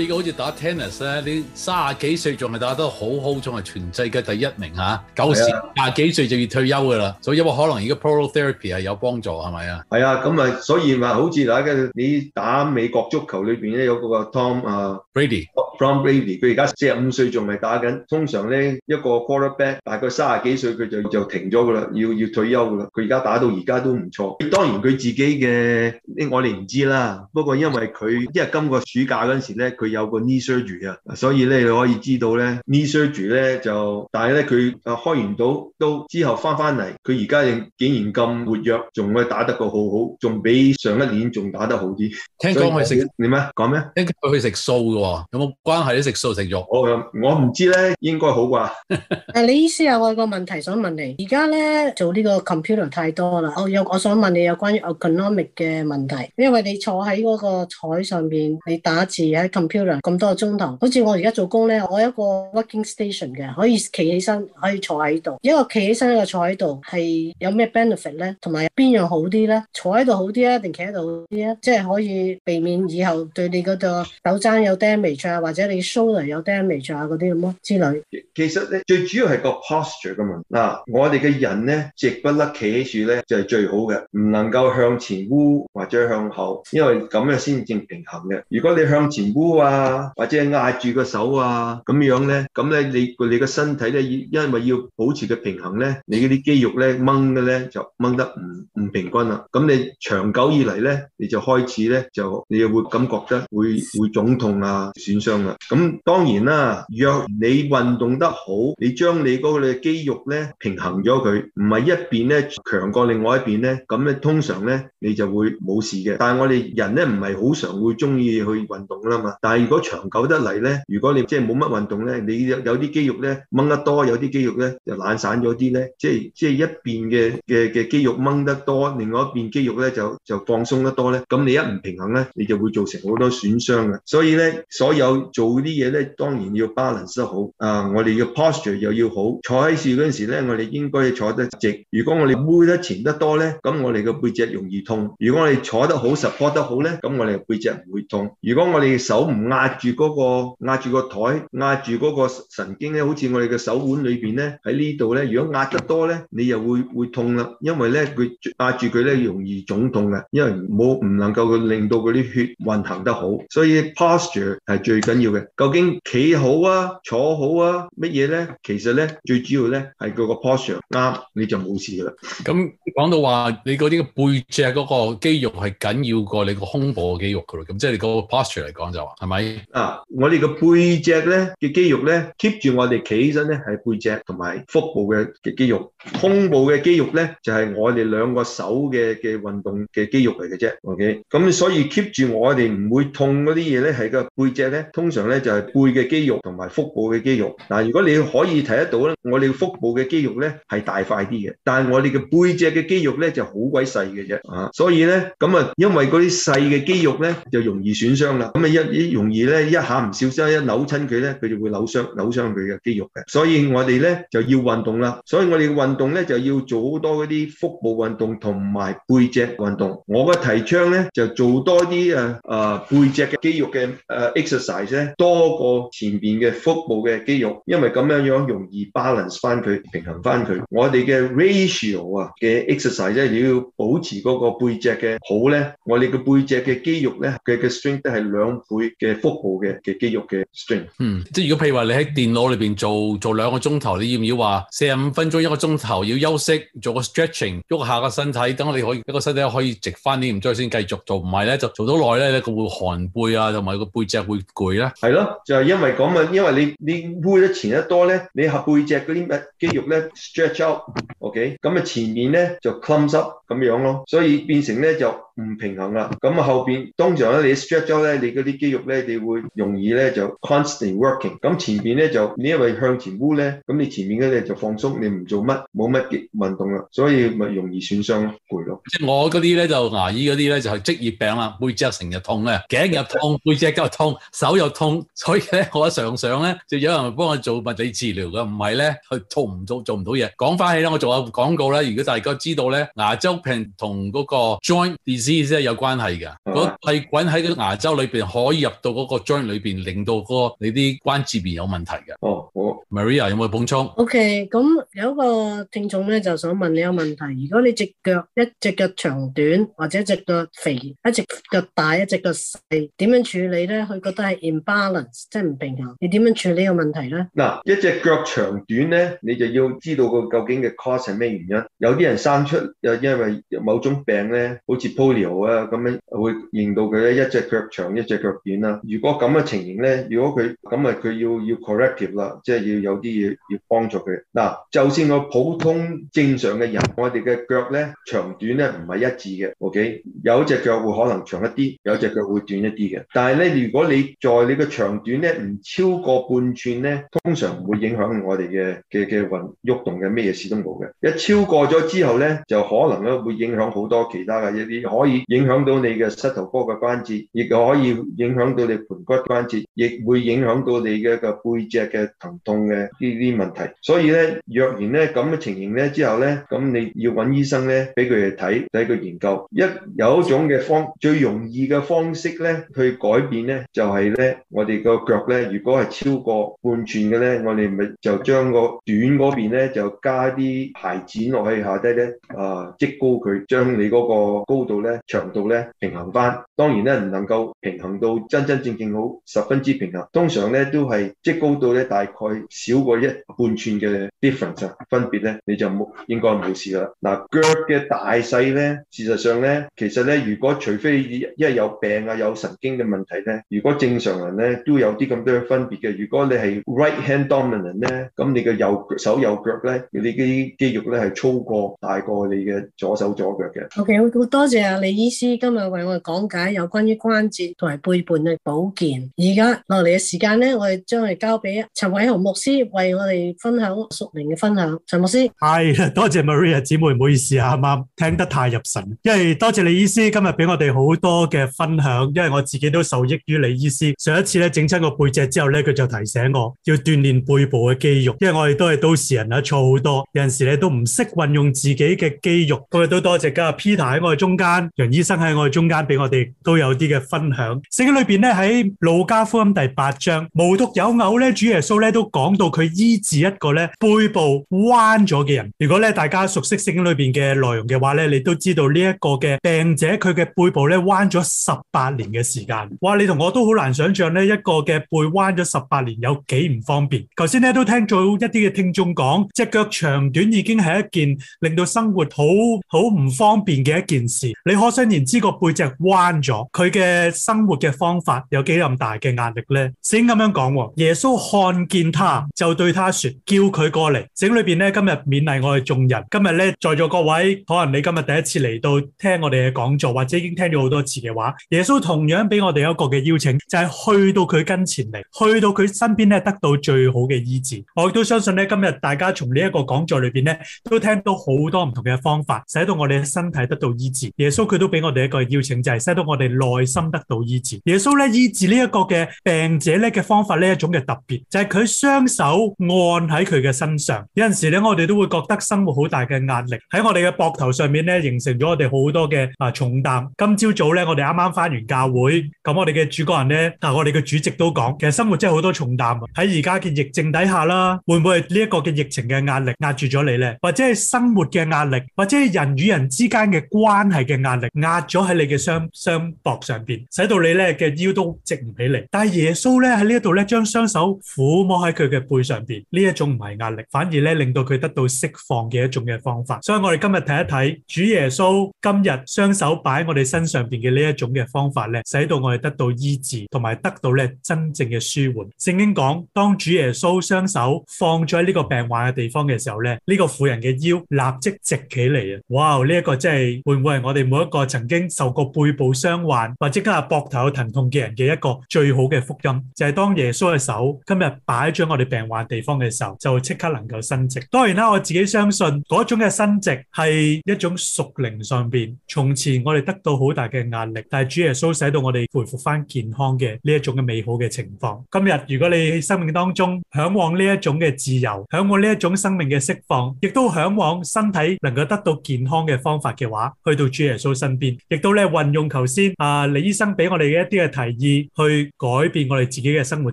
依家好似打 tennis 咧，你卅幾歲仲係打得好好，仲係全世嘅第一名吓，舊時廿幾歲就要退休噶啦，啊啊，所以有冇可能而家 prolotherapy 係有幫助係咪啊？係啊，咁啊，所以話好似大家你打美國足球裏邊咧有個 Tom 啊、uh, Brady，Tom Brady，佢而家四十五歲仲未打緊，通常咧一個 quarterback 大概卅幾歲佢就就停咗噶啦，要要退休噶啦。佢而家打到而家都唔錯。當然佢自己嘅我哋唔知啦，不過因為佢因為今個暑假嗰陣時咧佢。有個 need surgery 啊，所以咧你可以知道咧 need surgery 咧就，但係咧佢啊開完刀都之後翻翻嚟，佢而家亦竟然咁活躍，仲可以打得個好好，仲比上一年仲打得好啲。聽講佢食點咩？講咩以？聽講佢食素嘅喎，有冇關係你食素食肉？我我唔知咧，應該好啩。誒， 你意思係、啊、我有個問題想問你，而家咧做呢個 computer 太多啦。哦，有我想問你有關於 economic 嘅問題，因為你坐喺嗰個台上邊，你打字喺 computer。咁多個鐘頭，好似我而家做工咧，我有一個 working station 嘅，可以企起身，可以坐喺度。一個企起身，一個坐喺度，係有咩 benefit 咧？同埋邊樣好啲咧？坐喺度好啲啊，定企喺度好啲啊？即係可以避免以後對你嗰個手踭有 damage 啊，或者你 soul 有 damage 啊嗰啲咁咯之類。其實咧，最主要係個 posture 嘅問題。嗱，我哋嘅人咧，直不甩企喺處咧，就係最好嘅，唔能夠向前彎或者向後，因為咁樣先至平衡嘅。如果你向前彎啊～啊，或者壓住個手啊，咁樣咧，咁咧你你個身體咧，因為要保持個平衡咧，你嗰啲肌肉咧掹嘅咧，就掹得唔唔平均啦。咁你長久以嚟咧，你就開始咧就你又會感覺得會會腫痛啊，損傷啦。咁當然啦，若你運動得好，你將你嗰個你嘅肌肉咧平衡咗佢，唔係一邊咧強過另外一邊咧，咁咧通常咧你就會冇事嘅。但係我哋人咧唔係好常會中意去運動噶啦嘛，但如果長久得嚟咧，如果你即係冇乜運動咧，你有啲肌肉咧掹得多，有啲肌肉咧就懶散咗啲咧，即係即係一邊嘅嘅嘅肌肉掹得多，另外一邊肌肉咧就就放鬆得多咧，咁你一唔平衡咧，你就會造成好多損傷嘅。所以咧，所有做啲嘢咧，當然要 balance 得好。啊，我哋要 posture 又要好，坐喺處嗰陣時咧，我哋應該坐得直。如果我哋 move 得前得多咧，咁我哋嘅背脊容易痛。如果我哋坐得好，support 得好咧，咁我哋嘅背脊唔會痛。如果我哋手唔，壓住嗰個壓住個台壓住嗰個神經咧，好似我哋嘅手腕裏面咧，喺呢度咧，如果壓得多咧，你又會會痛啦，因為咧佢壓住佢咧容易腫痛嘅，因為冇唔能夠令到嗰啲血運行得好，所以 posture 係最緊要嘅。究竟企好啊，坐好啊，乜嘢咧？其實咧最主要咧係嗰個 posture 啱你就冇事噶啦。咁講到話你嗰啲背脊嗰個肌肉係緊要過你個胸部嘅肌肉噶咯，咁即係你個 posture 嚟講就話、是。咪啊！我哋嘅背脊咧嘅肌肉咧，keep 住我哋企身咧係背脊同埋腹部嘅肌肉，胸部嘅肌肉咧就係我哋兩個手嘅嘅運動嘅肌肉嚟嘅啫。OK，咁所以 keep 住我哋唔會痛嗰啲嘢咧，係個背脊咧，通常咧就係背嘅肌肉同埋腹部嘅肌肉。嗱，如果你可以睇得到咧，我哋腹部嘅肌肉咧係大塊啲嘅，但係我哋嘅背脊嘅肌肉咧就好鬼細嘅啫。啊，所以咧咁啊，因為嗰啲細嘅肌肉咧就容易損傷啦。咁啊一容易咧，一下唔小心一扭親佢咧，佢就會扭傷扭傷佢嘅肌肉嘅。所以我哋咧就要運動啦。所以我哋嘅運動咧就要做好多嗰啲腹部運動同埋背脊運動，我嘅提倡咧就做多啲啊誒背脊嘅肌肉嘅誒 exercise 咧，多過前邊嘅腹部嘅肌肉，因為咁樣樣容易 balance 翻佢平衡翻佢。我哋嘅 ratio 啊嘅 exercise 咧，要保持嗰個背脊嘅好咧，我哋嘅背脊嘅肌肉咧佢嘅 strength 係兩倍嘅。腹部嘅嘅肌肉嘅 strength，嗯，即係如果譬如話你喺電腦裏邊做做兩個鐘頭，你要唔要話四十五分鐘一個鐘頭要休息做個 stretching，喐下個身體，等你可以一個身體可以直翻啲，唔再先繼續做，唔係咧就做到耐咧，佢會寒背啊，同埋個背脊會攰咧。係咯，就係因為咁啊，因為你你 move 得前得多咧，你下背脊嗰啲肌肉咧 stretch out，ok，咁啊前面咧就 clump 濕咁樣咯，所以變成咧就唔平衡啦。咁啊後邊當場咧你 stretch out 咧，你嗰啲肌肉咧。你哋會容易咧就 constant working，咁前面咧就你因為向前烏咧，咁你前面嗰啲就放鬆，你唔做乜，冇乜嘅運動啦，所以咪容易損傷咯，攰咯。即我嗰啲咧就牙醫嗰啲咧就係職業病啦，背脊成日痛咧、啊，頸又痛，背脊又痛， 手又痛，所以咧我一常常咧就有人幫我做物理治療㗎，唔係咧佢做唔做做唔到嘢。講翻起呢，我做下廣告呢。如果大家知道咧牙周病同嗰個 joint disease 有關係㗎，嗰、uh huh. 細菌喺個牙周裏面，可以入到。嗰個 joint 裏面令到嗰、那個、你啲關節面有問題嘅。哦、oh, oh.，Maria 有冇補充？OK，咁有一個聽眾咧，就想問你個問題：如果你隻腳一隻腳長短，或者一隻腳肥，一隻腳大，一隻腳細，點樣處理咧？佢覺得係 imbalance，即係唔平衡。你點樣處理個問題咧？嗱，一隻腳長短咧，你就要知道個究竟嘅 cause 係咩原因。有啲人生出又因為某種病咧，好似 polio 啊咁樣，會令到佢咧一隻腳長，一隻腳短啊。如果咁嘅情形咧，如果佢咁啊，佢要要 corrective 啦，即係要有啲嘢要幫助佢。嗱，就算個普通正常嘅人，我哋嘅腳咧長短咧唔係一致嘅，OK，有隻腳會可能長一啲，有隻腳會短一啲嘅。但係咧，如果你在你個長短咧唔超過半寸咧，通常唔會影響我哋嘅嘅嘅運喐動嘅咩嘢事都冇嘅。一超過咗之後咧，就可能咧會影響好多其他嘅一啲，可以影響到你嘅膝頭哥嘅關節，亦都可以影響到。你盆骨關節亦會影響到你嘅個背脊嘅疼痛嘅呢啲問題，所以咧若然，咧咁嘅情形咧之後咧，咁你要揾醫生咧，俾佢哋睇，睇佢研究。一有一種嘅方最容易嘅方式咧，去改變咧，就係咧我哋個腳咧，如果係超過半寸嘅咧，我哋咪就將個短嗰邊咧就加啲牌子落去下低咧，啊，積高佢，將你嗰個高度咧、長度咧平衡翻。當然咧，唔能夠平衡到真。真正勁好，十分之平衡。通常咧都係即高度咧大概少過一半寸嘅 difference 分別咧，你就冇應該冇事啦。嗱，腳嘅大細咧，事實上咧其實咧，如果除非因為有病啊，有神經嘅問題咧，如果正常人咧都有啲咁多分別嘅。如果你係 right hand dominant 咧，咁你嘅右手右腳咧，你啲肌肉咧係粗過大過你嘅左手左腳嘅。OK，好好多謝阿李醫師今日為我哋講解有關於關節同埋背半咧。保健而家落嚟嘅時間咧，我哋將嚟交俾陳偉雄牧師為我哋分享屬靈嘅分享。陳牧師，係，多謝 Maria 姐妹，唔好意思啊，啱、嗯、聽得太入神。因為多謝李醫師今日俾我哋好多嘅分享，因為我自己都受益於李醫師。上一次咧整親個背脊之後咧，佢就提醒我要鍛煉背部嘅肌肉，因為我哋都係都市人啊，坐好多，有陣時咧都唔識運用自己嘅肌肉。今日都多謝噶 Peter 喺我哋中間，楊醫生喺我哋中間俾我哋都有啲嘅分享。聖經裏邊咧。喺路加福音第八章，無獨有偶咧，主耶穌咧都講到佢醫治一個咧背部彎咗嘅人。如果咧大家熟悉聖經裏邊嘅內容嘅話咧，你都知道呢一個嘅病者佢嘅背部咧彎咗十八年嘅時間。哇，你同我都好難想象呢一個嘅背彎咗十八年有幾唔方便。頭先咧都聽咗一啲嘅聽眾講，隻腳長短已經係一件令到生活好好唔方便嘅一件事。你可想而知個背脊彎咗，佢嘅生活嘅方法。有幾咁大嘅壓力呢？先咁樣講，耶穌看見他，就對他說：叫佢過嚟。聖經裏邊咧，今日勉勵我哋眾人。今日咧，在座各位，可能你今日第一次嚟到聽我哋嘅講座，或者已經聽咗好多次嘅話。耶穌同樣俾我哋一個嘅邀請，就係去到佢跟前嚟，去到佢身邊咧，得到最好嘅醫治。我亦都相信咧，今日大家從呢一個講座裏邊咧，都聽到好多唔同嘅方法，使到我哋身體得到醫治。耶穌佢都俾我哋一個邀請，就係使到我哋內心得到醫治。耶穌咧。醫治呢一個嘅病者咧嘅方法，呢一種嘅特別，就係、是、佢雙手按喺佢嘅身上。有陣時咧，我哋都會覺得生活好大嘅壓力，喺我哋嘅膊頭上面咧，形成咗我哋好多嘅、啊重擔。今朝早咧，我哋啱啱返完教會，咁我哋嘅主講人咧，啊我哋嘅主席都講，其實生活真係好多重擔。喺而家嘅疫症底下啦，會唔會係呢一個嘅疫情嘅壓力壓住咗你咧？或者係生活嘅壓力，或者係人與人之間嘅關係嘅壓力，壓咗喺你嘅雙雙膊上邊，使到你咧嘅腰，都直唔起嚟，但係耶穌咧喺呢一度咧，將雙手撫摸喺佢嘅背上邊，呢一種唔係壓力，反而咧令到佢得到釋放嘅一種嘅方法。所以我哋今日睇一睇主耶穌今日雙手擺喺我哋身上邊嘅呢一種嘅方法咧，使到我哋得到醫治，同埋得到咧真正嘅舒緩。聖經講，當主耶穌雙手放咗喺呢個病患嘅地方嘅時候咧，呢個婦人嘅腰立即直起嚟啊！哇，呢一個真係會唔會係我哋每一個曾經受過背部傷患，或者今日膊頭有疼痛嘅人？嘅一個最好嘅福音，就係當耶穌嘅手今日擺喺我哋病患地方嘅時候，就即刻能夠伸直。當然啦，我自己相信嗰種嘅伸直係一種屬靈上邊從前我哋得到好大嘅壓力，但係主耶穌使到我哋恢復翻健康嘅呢一種嘅美好嘅情況。今日如果你喺生命當中向往呢一種嘅自由，向往呢一種生命嘅釋放，亦都向往身體能夠得到健康嘅方法嘅話，去到主耶穌身邊，亦都咧運用頭先啊李醫生俾我哋嘅一啲嘅提而去改變我哋自己嘅生活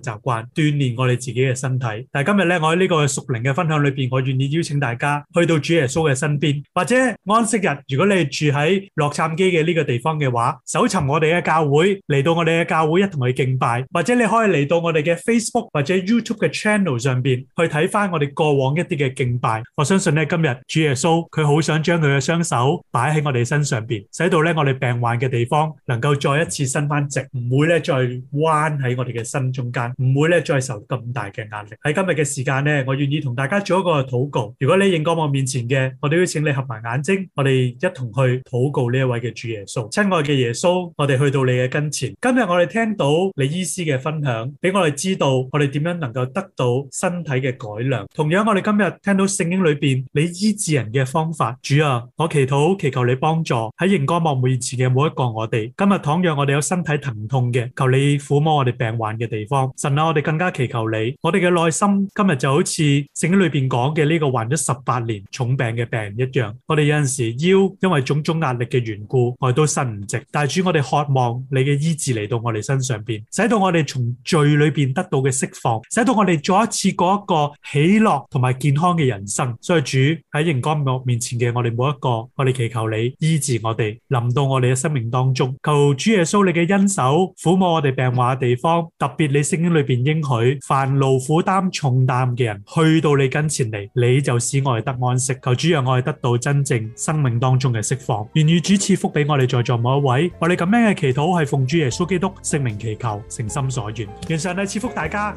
習慣，鍛鍊我哋自己嘅身體。但係今日咧，我喺呢個屬靈嘅分享裏邊，我願意邀請大家去到主耶穌嘅身邊，或者安息日，如果你係住喺洛杉磯嘅呢個地方嘅話，搜尋我哋嘅教會，嚟到我哋嘅教會一同去敬拜，或者你可以嚟到我哋嘅 Facebook 或者 YouTube 嘅 channel 上邊去睇翻我哋過往一啲嘅敬拜。我相信咧，今日主耶穌佢好想將佢嘅雙手擺喺我哋身上邊，使到咧我哋病患嘅地方能夠再一次伸翻直，唔會。咧再彎喺我哋嘅心中間，唔會咧再受咁大嘅壓力。喺今日嘅時間咧，我願意同大家做一個禱告。如果你喺熒光幕面前嘅，我哋邀請你合埋眼睛，我哋一同去禱告呢一位嘅主耶穌。親愛嘅耶穌，我哋去到你嘅跟前。今日我哋聽到李醫師嘅分享，俾我哋知道我哋點樣能夠得到身體嘅改良。同樣，我哋今日聽到聖經裏邊你醫治人嘅方法。主啊，我祈禱祈求你幫助喺熒光幕面前嘅每一個我哋。今日倘若我哋有身體疼痛，求你撫摸我哋病患嘅地方，神啊，我哋更加祈求你，我哋嘅內心今日就好似聖經裏邊講嘅呢個患咗十八年重病嘅病人一樣，我哋有陣時腰因為種種壓力嘅緣故，我哋都伸唔直。但係主，我哋渴望你嘅醫治嚟到我哋身上邊，使到我哋從罪裏邊得到嘅釋放，使到我哋再一次過一個喜樂同埋健康嘅人生。所以主，喺熒光幕面前嘅我哋每一個，我哋祈求你醫治我哋，臨到我哋嘅生命當中。求主耶穌你嘅恩手。撫摸我哋病患嘅地方，特別你聖經裏邊應許，凡勞苦擔重擔嘅人，去到你跟前嚟，你就使我哋得安息。求主讓我哋得到真正生命當中嘅釋放。願意主賜福俾我哋在座每一位。我哋咁樣嘅祈禱係奉主耶穌基督聖名祈求，誠心所願。願上帝賜福大家。